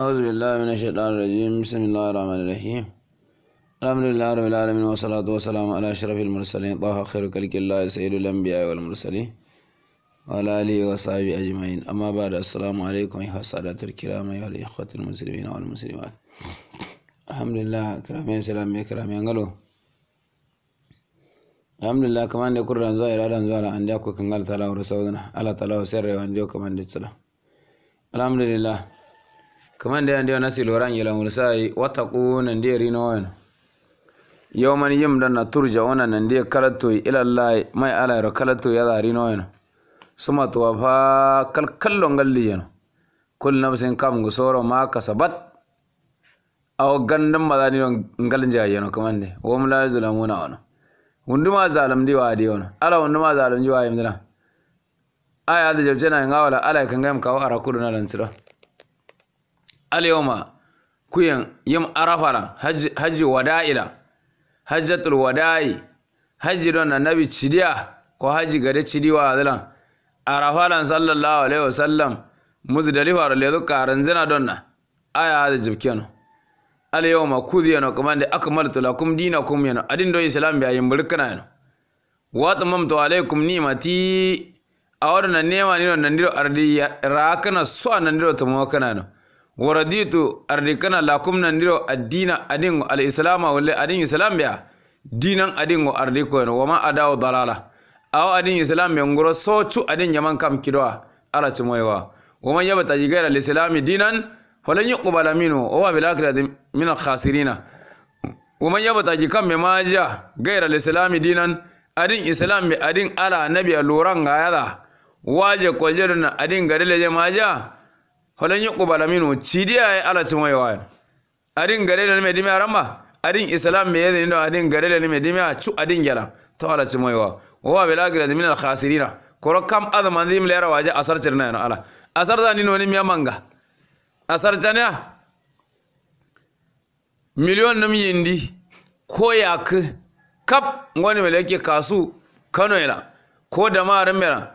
أعوذ بالله من الشيطان الرجيم بسم الله الرحمن الرحيم الحمد لله رب العالمين والصلاة والسلام على أشرف المرسلين طه خير كلك الله سيد الأنبياء والمرسلين وعلى آله وصحبه أجمعين أما بعد السلام عليكم أيها السادة الكرام أيها الإخوة المسلمين والمسلمات الحمد لله كرامين سلام بكرامين قالوا الحمد لله كمان يكون رنزاير رنزالا عندي أكو كنغال تلاه رسولنا على تلاه سر وعندي كمان دي الحمد لله kamande ndio nasi loran yela mursai wataku nandiye rinoen yim yimda na turja ona nandiye kalatoy ila allah mai ala ro kalatoy yada rinoen suma tuwa fa kal kallo ngalliyen kul nafsin kam gusoro ma kasabat aw gandam madani ngal njayeno kamande wom la zalamuna ona wunduma zalam di wadi ona ala wunduma zalam ji wa yimdina aya da jabjana ngawala ala kan kangam kawo arakulu na lansira alyawma kuyan yim arafana hajji wada'ila hajjatul wada'i hajji don nabi cidiya ko hajji gare cidiwa zalan arafaran sallallahu alaihi wasallam muzdalifa da lezu karan zina don na aya hada jibkeno alyawma kudiyano kamande akmaltu lakum dinakum yano adin do islam biya yimbulkana yano watamamtu alaikum nimati a wadannan nema nan nandiro ardi rakana so nandiro tumo kana no waraditu ardikana lakum nan diro addina adin al-islam wala adin islam biya dinan adin go ardiko no wama adaw dalala aw adin islam be ngoro tu adin yaman kam kidoa ala timoywa wama yabata jigara al-islam dinan falan yi minhu wa bil akhirati min al-khasirina wama yabata jikam be maja gaira al-islam dinan adin islam be adin ala nabiya luran yada waje koljerna adin gadele maja falan yuqbala minu chidi ya ala cin wayawa adin gare da medimi aramba adin islam me yadin da adin gare da medimi a cu adin gela to ala cin wayawa wa bila grad min minal khasirina koro kam adman dim yara waje asar cirna yana ala asar da ni noni asar chanya. miliyon nami yindi ko yak kap Ngwani meleke kasu kano ila ko da ma ran mera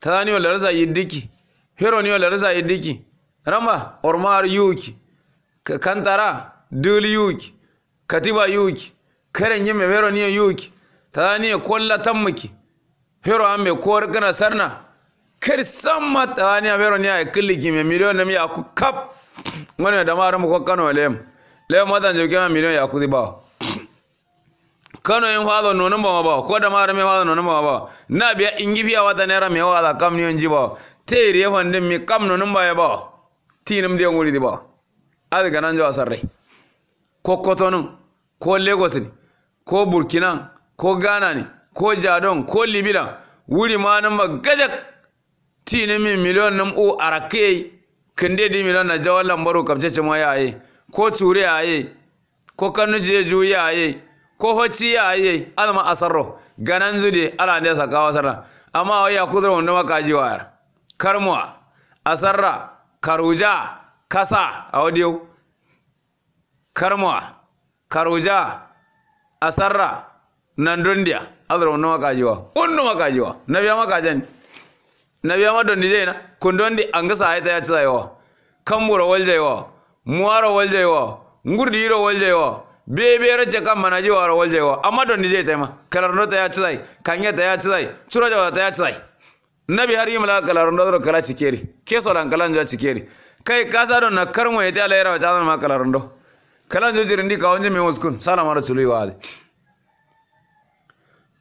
tani wala raza yidiki hero ni wala raza yidiki rama ormar yuki kantara dul yuki katiba yuki karen yeme vero niya yuki tadaniya kolla tammaki hero ambe kor kana sarna ker samma tadaniya vero niya kiliki mai miliyon nam ya ku kap Wani da maram ko kano lem lem madan jirgin kema miliyon ya ku ba kano yin hado nonon ba ma ba ko da maram yin hado nonon ba ma ba na biya ingifiya wata naira mai wata kam niyon jiba te refan din mi kam nonon ba ya ba tinum diyo nguli diba adi ganan jo asarre ko kotonu ko lagos ni ko burkina ko ghana ni ko jadon ko libila wuri ma nan ma gajak tinum mi miliyon nan o arake kende di miliyon na jawal lambaro kabje cimo yaye ko ture yaye ko je ju yaye ko hoci yaye alma asarro ganan zudi ala ne sakawa sarra amma waya kudro wanda makaji wayar karmuwa asarra karuja kasa a wadiyo karmawa karuja asarra nandondiya adara wonno makajiwa wonno makajiwa nabiya makajani nabiya madondi jeyna kundondi angasa ayta yacisayowa kamburo waljaywa muwaro Ngurdi ngurdiro waljaywa bebere ce kan manaji waro waljaywa amma dondi zai kalarno ta ya kange ta yacisay curajawa ta yacisay nabi har yi mala kalarun do kala cikeri so dan kala jo cikeri kai kasa do nakar mo yete ala yara chana ma kala kalan kala njo jirindi ka onje me muskun sala mara wa ade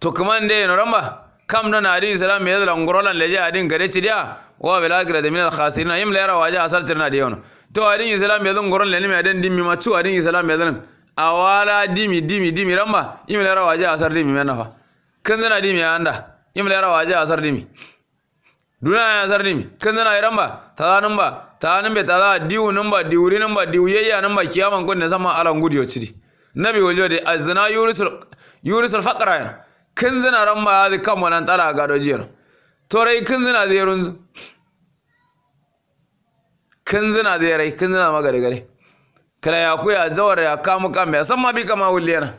to kamande no ramba kam do nadi salam yede lan gorolan leje adin gare cidia wa da akhirati min al khasirin yimla yara waja asar tirna de yono to adin islam yede goron leni me adin dimmi ma chu adin islam yede awala dimi dimi dimi ramba yimla yara waja asar dimi menafa kanzana dimi anda yimla yara waja asar dimi duna ya zarni kanzana nan ba diwu tala diu ba diuri ba diuyeya ba kiyaman kunne sama alan gudiyo cidi nabi woljode azna yurisul yurisul faqra yana kanzana ramba hadi kam wanan tala gado jiyano torai kanzana da yarun kanzana zai yarai kanzana magare gare kala ya kuya zawar ya kamu kama ya ma bi kama yana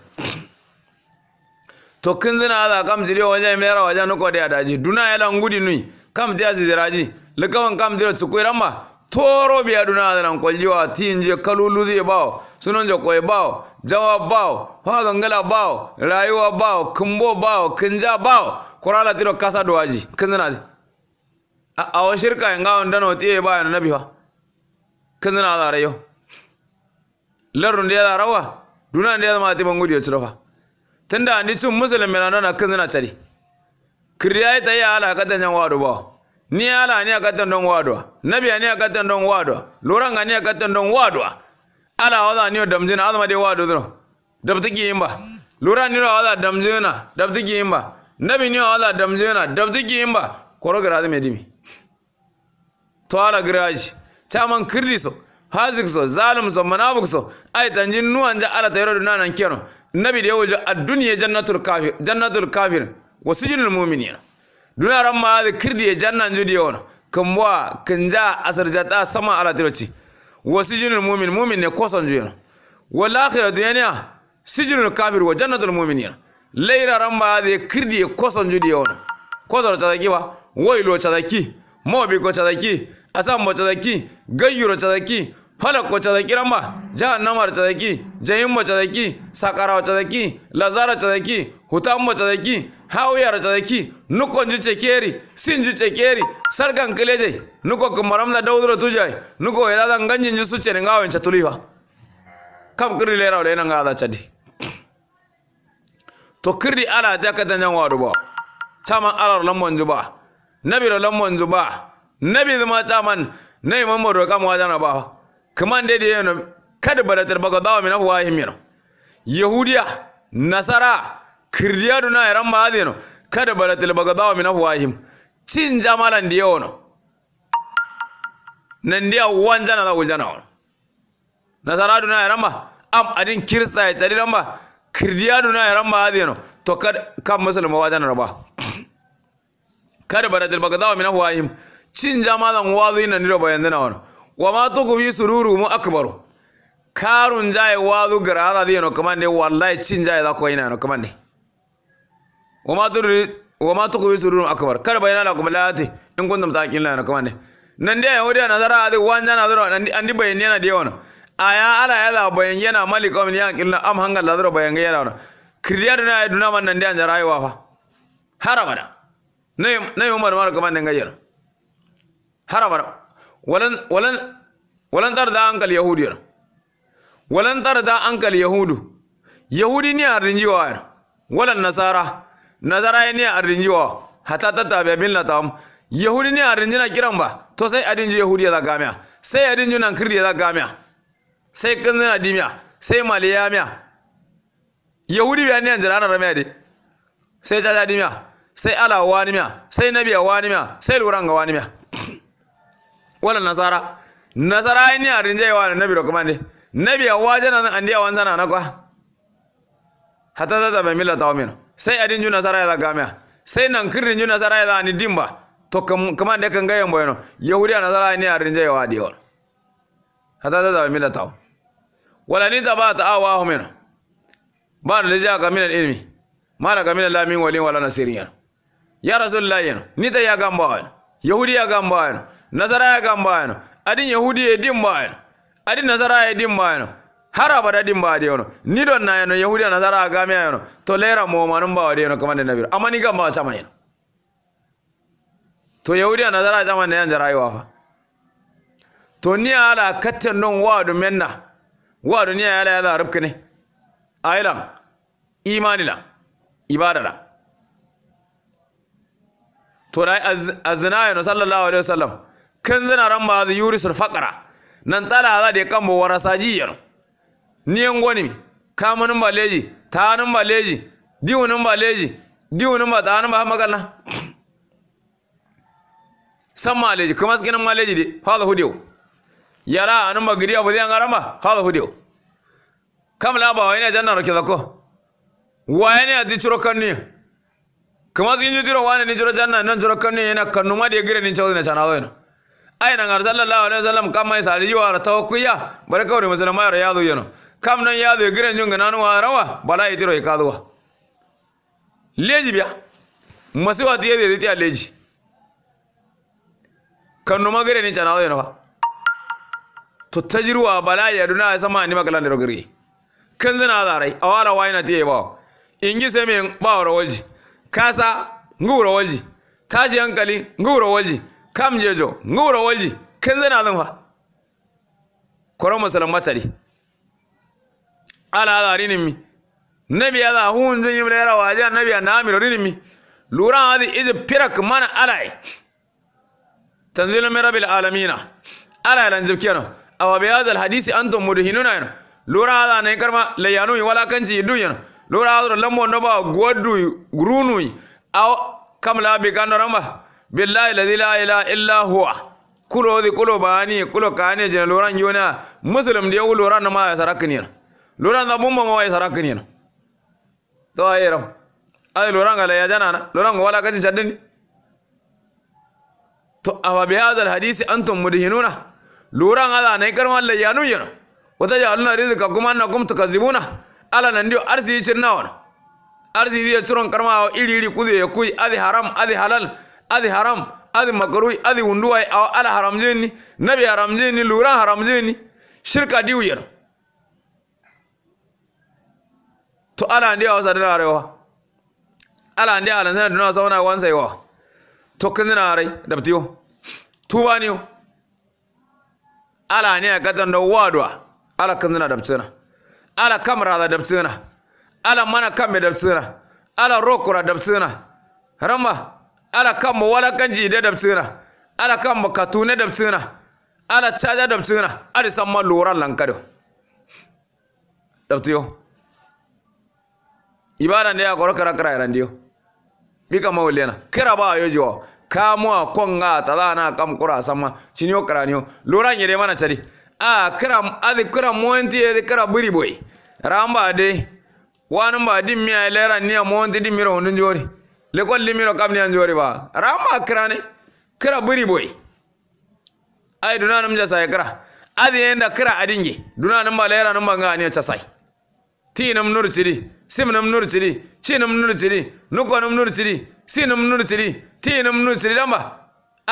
to za da kam jiri wajen mera wajen nuko da ya daji duna ya lan gudi nui kam ti asi ziraji likawan kam tiro tsukui ramba toro biya duna nan kwaljiwa tinje kalulu zai bawo sunan jakwai bawo jawa bawo fadon ngala bawo rayuwa bawo kumbo bawo kinja bawo kurala tiro kasa duwaji di a awa shirka yin gawon dano tiye bayan nabi fa kinzina zara yau larun da ya zara wa duna da ya zama tiban gudu ya ciro fa tunda ni cin musulmi na nana kinzina cari kirya ita ya ala kata nyang wadu ba ni ala ni akata don wadu nabi ni akata ndong wadu nga ni akata don wadu ala wada ni damjina azma de wadu dro dabti gimba lura ni wada damjina dabti gimba nabi ni wada damjina dabti gimba koro zai medimi to ala graji chaman kirdiso hazik so zalim so manabuk so ay tanjin nuanja ala tayro nanan keno nabi de ya ad dunya jannatul kafir jannatul kafir wa sujinul mu'minina duna ran ma ya jannan judi wona kan wa kan ja asarjata sama ala tirci wa mu'min mu'min ne ko san juyana wal akhiratu yana sujinul kafir wa jannatul mu'minina leira ran ma zikirdi ko san judi wona ko zoro tazaki ba wailo mo mobi ko tazaki asambo tazaki gayyuro tazaki falak wacce ran ma jahannama wacce zaki jahim wacce zaki sakara wacce zaki lazara wacce zaki hutam wacce zaki hawiyar tadaki nukonju cekeri sinju cekeri sargan kileje nuko kumaramna daudro tujai nuko irada nganji nyusu chene ngawen chatuliwa kam kiri lera ole na ngada chadi to kiri ala da ka danyan wadu ba chaman ala lamon juba nabi ro lamon juba nabi zama chaman nayi mamma ro kam wajana ba kaman dai dai kada baratar baka dawo mina huwa himiro yahudiya nasara yaran eran maadino kada balatil bagadawa mina afwahim cin jamala ndiye ono nandiya wanjana na uljana ono na yaran ma am adin kirista e cadiran ma yaran eran maadino to kad kam muslima wajana raba kada balatil bagadawa mina afwahim cin jamalan wazi nan ndiro Wa ma wama tukum yi sururu mu akbaru karun jaye wazu gara hada diyo no kamande wallahi cin jaye za ko ina no kamande wa ma tukubi wa ma tuku sururun akbar kar bayana la kuma lati in kuntum taqilna na kuma ne nan da yahudiya nazara da wanda zara an di bayani yana da a ya ala ya la bayan yana malik am yan killa am hangar la bayan yana na kiriyar na ya duna man nan da an zara fa wafa abada na yi umar mar kuma nan gayyana walantar da walan walan walan walantar ankal yahudiya walan tarda ankal yahudu yahudi ne a rinjiwa walan nasara nazara ne a wa hata tatta bin latam yahudi ne a na kiran ba to sai a rinji yahudi za gamiya sai a rinji nan kirri za gamiya sai kanzina dimiya sai maliyamiya yahudi biya ne yanzu ranar ramiya de sai jaja dimiya sai ala wani miya sai nabiya wani miya sai luranga wani miya wala nasara nasara ne a rinje wa nabi da kuma ne nabi ya wajana an diya wanzana na kwa Hata ta bai millata wa mino sai adin juna zara ya gamia sai nan kirin juna zara ya zani dimba to kaman da kan gayan boyano yahudi na zara ne arin ya wadi hata ta da mila taw wala ni ba ta awa humina ba da ja ka mina ilmi ma da ka min lamin wali wala na nasiriyan ya yano ni ta ya gamba yahudi ya gamba nasara ya gamba adin yahudi ya dimba adin nasara ya dimba hara bada din ba de yono ni don na yano yahudiya nasara ga me yano to lera mo manun ba de yano kamar nabi amma ni gamba ta mai to yahudiya zara ta ne yan jarayuwa fa to ni ala katten non wa do menna wa do ni ala ya da imani la ibada la to dai azna yano sallallahu alaihi wasallam kan zina ran ba yurisul faqara nan tala za de kan mu warasaji yano yan goni kamunin baleji tanin baleji diwunin baleji diwunin ba tanin ba magana san maleji kuma skinin maleji de fa fala hudiyo yara anin ba giriya ba zai an fa fala hudiyo kam laba wani janna roke zako wani di ciro ni kuma skin jidiro wani ni ciro janna nan ciro ni yana kannu ma da gire ni chawo na chana wani ai nan sallallahu alaihi wasallam kama isa riwa tawakkuya bare kawai musulmai ra zo yana kam nan ya zo giren jonga nanu wa rawa bala itiro ikaduwa leji biya masu wa tiye zai tiya leji kanno magere ni chana wa ba to tajruwa bala ya duna sama ni makalan da rogiri kan zana zarai A wa waina tiye ba sai semen ba wara waji kasa ngu rawalji tashi hankali ngu rawalji kam jejo ngu rawalji kan zana zan fa koron masalan matsari ala da mi nabi ada hun zin yi bulera wa ja nabi na mi rinimi lura hadi iz firak mana alai tanzilu min rabbil alamina ala lan zikira aw bi hada al hadisi antum mudhinuna lura ada ne karma layanu wala kanji dunya lura hada lambo no ba godu grunu aw kamla bi kanoramba billahi la ilaha illa huwa kulo di kulo bani kulo kane je ran yona muslim de wo loran ma sarakni loranga bumbo ngo wayisara kinina to ayera ay loranga la yajanana loranga wala kati chaddeni to awa bi hadha alhadisi antum mudhinuna loranga la nay karma la yanu yana wata jaluna rizqakum annakum tukazibuna ala nan dio arzi chirna wana arzi dia churon karma iri iri kudi yakui adi haram adi halal adi haram adi makarui adi unduai ala haram jeni nabi haram jeni loranga haram jeni shirka diu yana to ala ndi awasa dina arewa ala ndiya ala zana dina sauna wansa wa, to kan zina arai dabtiyo tuba niyo ala ne a gadan da wadwa ala kan da dabtina ala kamra da dabtina ala mana kambe dabtina ala rokura dabtina ramba ala kambo wala kanji da dabtina ala kambo katune dabtina ala caja dabtina ala samma loran lankado dabtiyo ibada ne ya korokara kara irandiyo bika mawlena kira ba yo jiwa a konga tadana kam kura sama chinyo karanyo lura nyere mana chari a kira adi kira monti adi kira buri boy ramba de wan ba di mi lera ni monti di miro jori le kol limiro kam ni anjori ba ramba kira ne kira buri boy ai duna nam ja sai kira adi enda kira adinge duna nam ba lera nam ba ngani cha sai ti nam nur chiri sim nam nur tsiri chi nam nur tsiri nuko nam nur tsiri si nam nur tsiri ti nam nur tsiri damba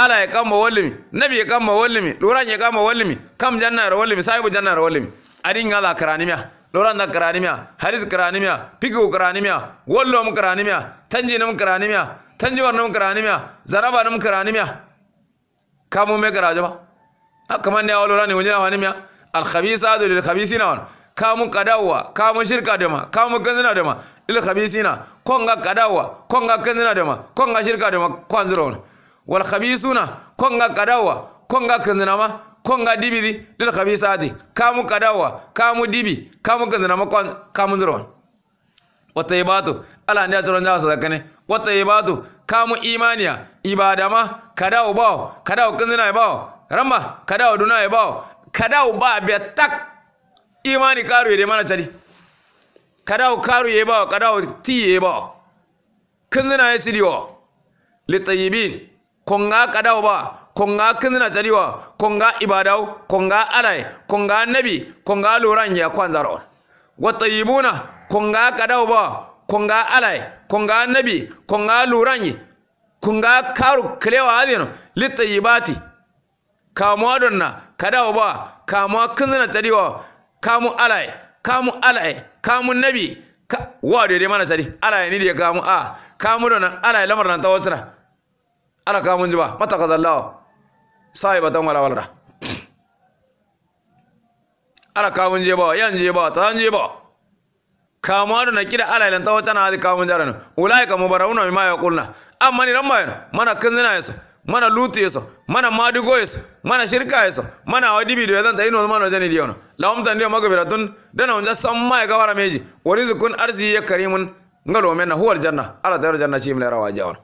ala ya kama wallimi nabi ya kama wallimi loran ya kama wallimi kam janna ra wallimi sahibu janna ra wallimi adin ngala karanimiya loran da karanimiya haris karanimiya piku karanimiya wallom karanimiya tanji nam karanimiya tanji war nam karanimiya zaraba nam karanimiya kamu me karajo ba kamar ne awalo rani wajina wanimiya al khabisatu lil khabisina wana kamun kadawa kamun shirka da ma kamun kanzina da ma il khabisina konga kadawa konga kanzina da ma konga shirka da ma kwanzira wal khabisuna konga kadawa konga kanzina ma konga dibi di lil khabisati kamu kadawa kamu dibi kamun kanzina ma kamun zira wani wata ibatu ala ne tsoron su sadaka ne wata ibatu kamu imaniya ibada ma kadawa bawo kadawa kanzina ya bawo ramba kadawa duna ya bawo kadawa ba biya tak imani karu ya mana tari kadawo karu ya ba kadawo ti ya ba kinzina ya sidi wa litayibin konga kadawo ba konga kinzina tari wa konga ibadaw konga alai konga nabi konga loran ya ro wa tayibuna konga kadawo ba konga alai konga nabi konga loran kunga karu kilewa adino litayibati kamuwa donna kadawo ba kamuwa kinzina tari wa kamu alay kamu alay kamu nabi ka wado dai mana sari alaye ni de kamu a kamu nan alaye lamar nan tawatsira ala kamu jiba mata kazallahu sahibatan wala wala. ala kamu jeba yan jiba, tan jeba kamanu na kida ala ilan tawata na hadi kamun jarana ulai kamu barawuna mimma yaqulna amma ni ramma yana mana kanzina yasa mana lutu yeso mana madugo yeso mana shirka yeso mana wadibido yadanta ino mana jani la umta ndio diyo magbiratun dana unja samma e gawara meji warizukun arzi ya karimun ngalo mena huwal janna ala daru janna chimle rawa jawon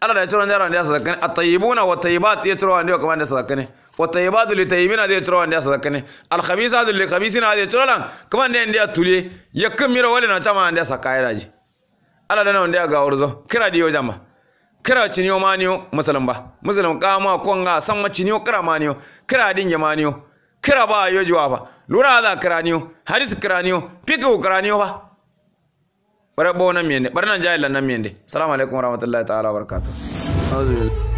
ala da chiro ndaro ndia sadakani atayibuna wa tayibat ya chiro ndio kamande sadakani wa tayyibatu li tayibina de chiro ndia sadakani al-khabisatu li khabisina de chiro lan kamande ndia tuli yakkamira wale na chama ndia sakaira ji ala dana ndia gawurzo kira diyo jama kira ciniyo maniyo musulun ba musulun kama konga samma ciniyo kira maniyo kira dinge maniyo kira ba yo jiwa ba lura za kira niyo hadis kira niyo fiku kira niyo ba bare bo nan miyende bare nan jahilan nan miyende assalamu alaikum warahmatullahi ta'ala wabarakatuh